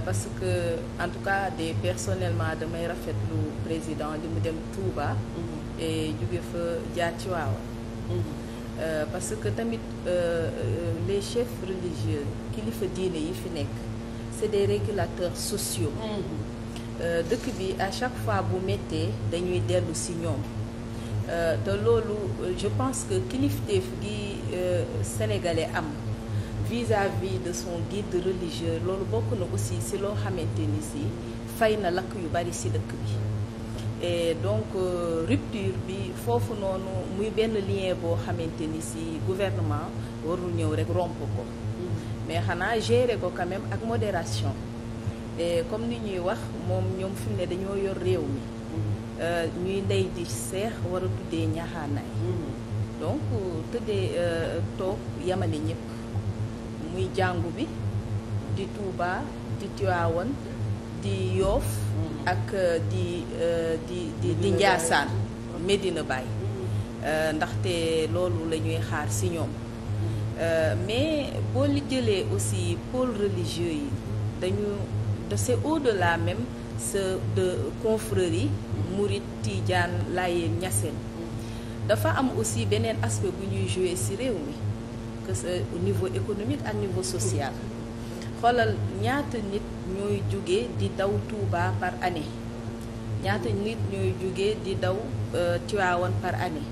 parce que en tout cas de personnellement damay rafetlu président li mu dem Touba. Mm-hmm. et jóge fa jaar ci waaw mm-hmm. euh, parce que tamit euh, euh, les chefs religieux kilifa diine yi fi nekk c'est des régulateurs sociaux. Mm-hmm. Euh, dëkk bi à chaque fois bu méttee dañuy dellu si ñoom. te loolu je pense que kilifteef gi sénégalais am. vis-à-vis de son guide religieux loolu bokk na aussi si loo xamante ni si fay na lakk yu bari si dëkk bi e donc euh, rupture bi foofu noonu muy benn lien boo xamante ni si gouvernement warul ñëw rek romp ko mais xanaa gérer ko quand ak modération et comme ni ñuy wax moom ñoom fi mu ne dañoo yor réew mi euh, ñuy ndey di seex war a tuddee ñaxaanaay mm-hmm. donc euh, tëddee euh, toog yamale ñëpp muy jàngu bi di Touba di Tiwaawan di Yoof mhm. ak euh, euh, di di di di Njaasaan Medina Baye euh, ndaxte loolu la ñuy xaar si ñoom mais boo li aussi pôle religieux yi dañu c'est de la même ce de confrérie Mouride Tidiane lay Ñaseen dafa am aussi beneen aspect bu ñuy jouer ci réew mi que ce niveau économique ak niveau social xoolal ñaata nit ñooy jugee di daw Touba par année ñaata nit ñooy jugee di daw euh, Tivaouane par année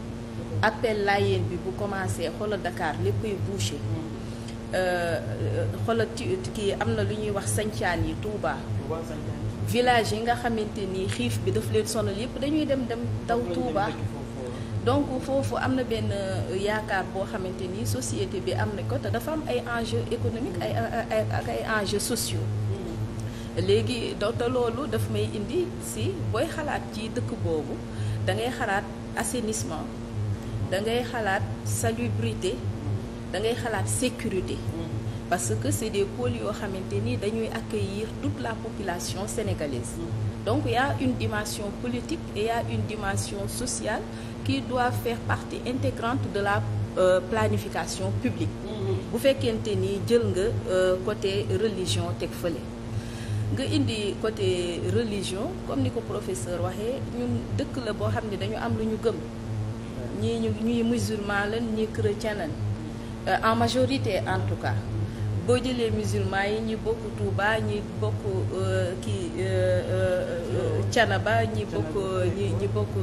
appel Layeen bi bu commencé xoolal Dakar léppay bouché euh, xoolal kii am na lu ñuy wax sancaan yi Touba village yi nga xamante ni xiif bi daf leen sonal yëpp dañuy dem dem daw Touba donc foofu am na benn euh, yaakaar boo xamante ni société bi am na ko te dafa am ay enjeux économiques ay ak ay enjeux sociaux mm-hmm. léegi te loolu daf may indi si booy xalaat ci dëkk boobu da ngay xalaat assainissement da ngay xalaat salubrité da ngay xalaat sécurité mm-hmm. parce que c'est des pôles yoo xamante ni dañuy accueillir toute la population sénégalaise donc il une dimension politique et une dimension sociale qui doit faire partie intégrante de la euh, planification publique mm-hmm. bu fekkente ni jël nga euh, côté religion teg fële nga indi côté religion comme ni ko professeur waxee ñun dëkk la boo xam ne dañu am lu ñu gëm ñii ñu ñuy musulman lan ñii chrétien lan euh, en majorité en tout cas boo jëlee musulman yi ñi bokk Touba ñi bokk euh, kii euh, euh, Canaba ñi bokk ñi ñi bokk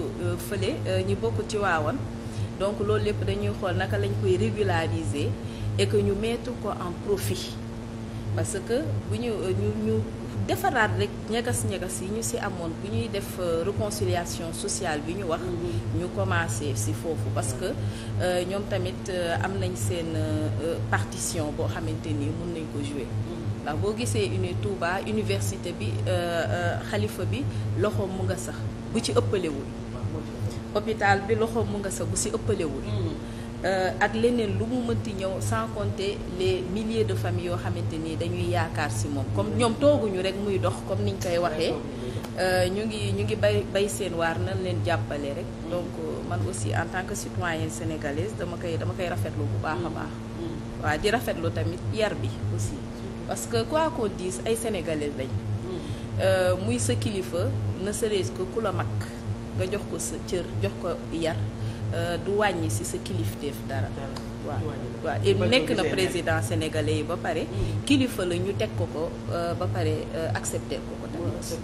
fële ñi bokk Tiwaawan donc loolu lépp dañuy xool naka lañ koy régulariser et que ñu mettre ko en profit parce que bu ñu ñu ñu defaraat rek ñagas ñagas yi ñu ci amoon bu ñuy def euh, réconciliation sociale bi ñu wax mm-hmm. ñu commencé ci foofu parce que euh, ñoom tamit euh, am nañ seen partition boo xamante ni mën nañ ko jouer mm-hmm. ndax boo gisee une Touba université bi xalifa bi loxo mu nga sax bu ci ëppalewul hôpital bi loxo mu nga sax bu ci ëppalewul mm-hmm. Euh, ak leneen lu mu mënti ñëw sans compter les milliers de famille yoo xamante ni dañuy yaakaar si moom comme ñoom tooguñu rek muy dox comme niñ koy waxee euh, ñu ngi ñu ngi bay bay seen waar na leen jàppale rek donc euh, man aussi en tant que citoyenne sénégalaise dama koy dama koy rafetlu bu baax a baax mm. mm. waa di rafetlu tamit yar bi aussi parce que quoi diis dise ay sénégalais lañ mm. muy sa kilifa na serait-ce que ku la mag nga jox ko sa cër jox ko yar Euh, du wàññi si sa kilifteef dara waaw waaw et nekk na président sénégalais yi ba pare mm. kilifa la ñu teg ko ko euh, ba pare euh, accepter ko ko tamit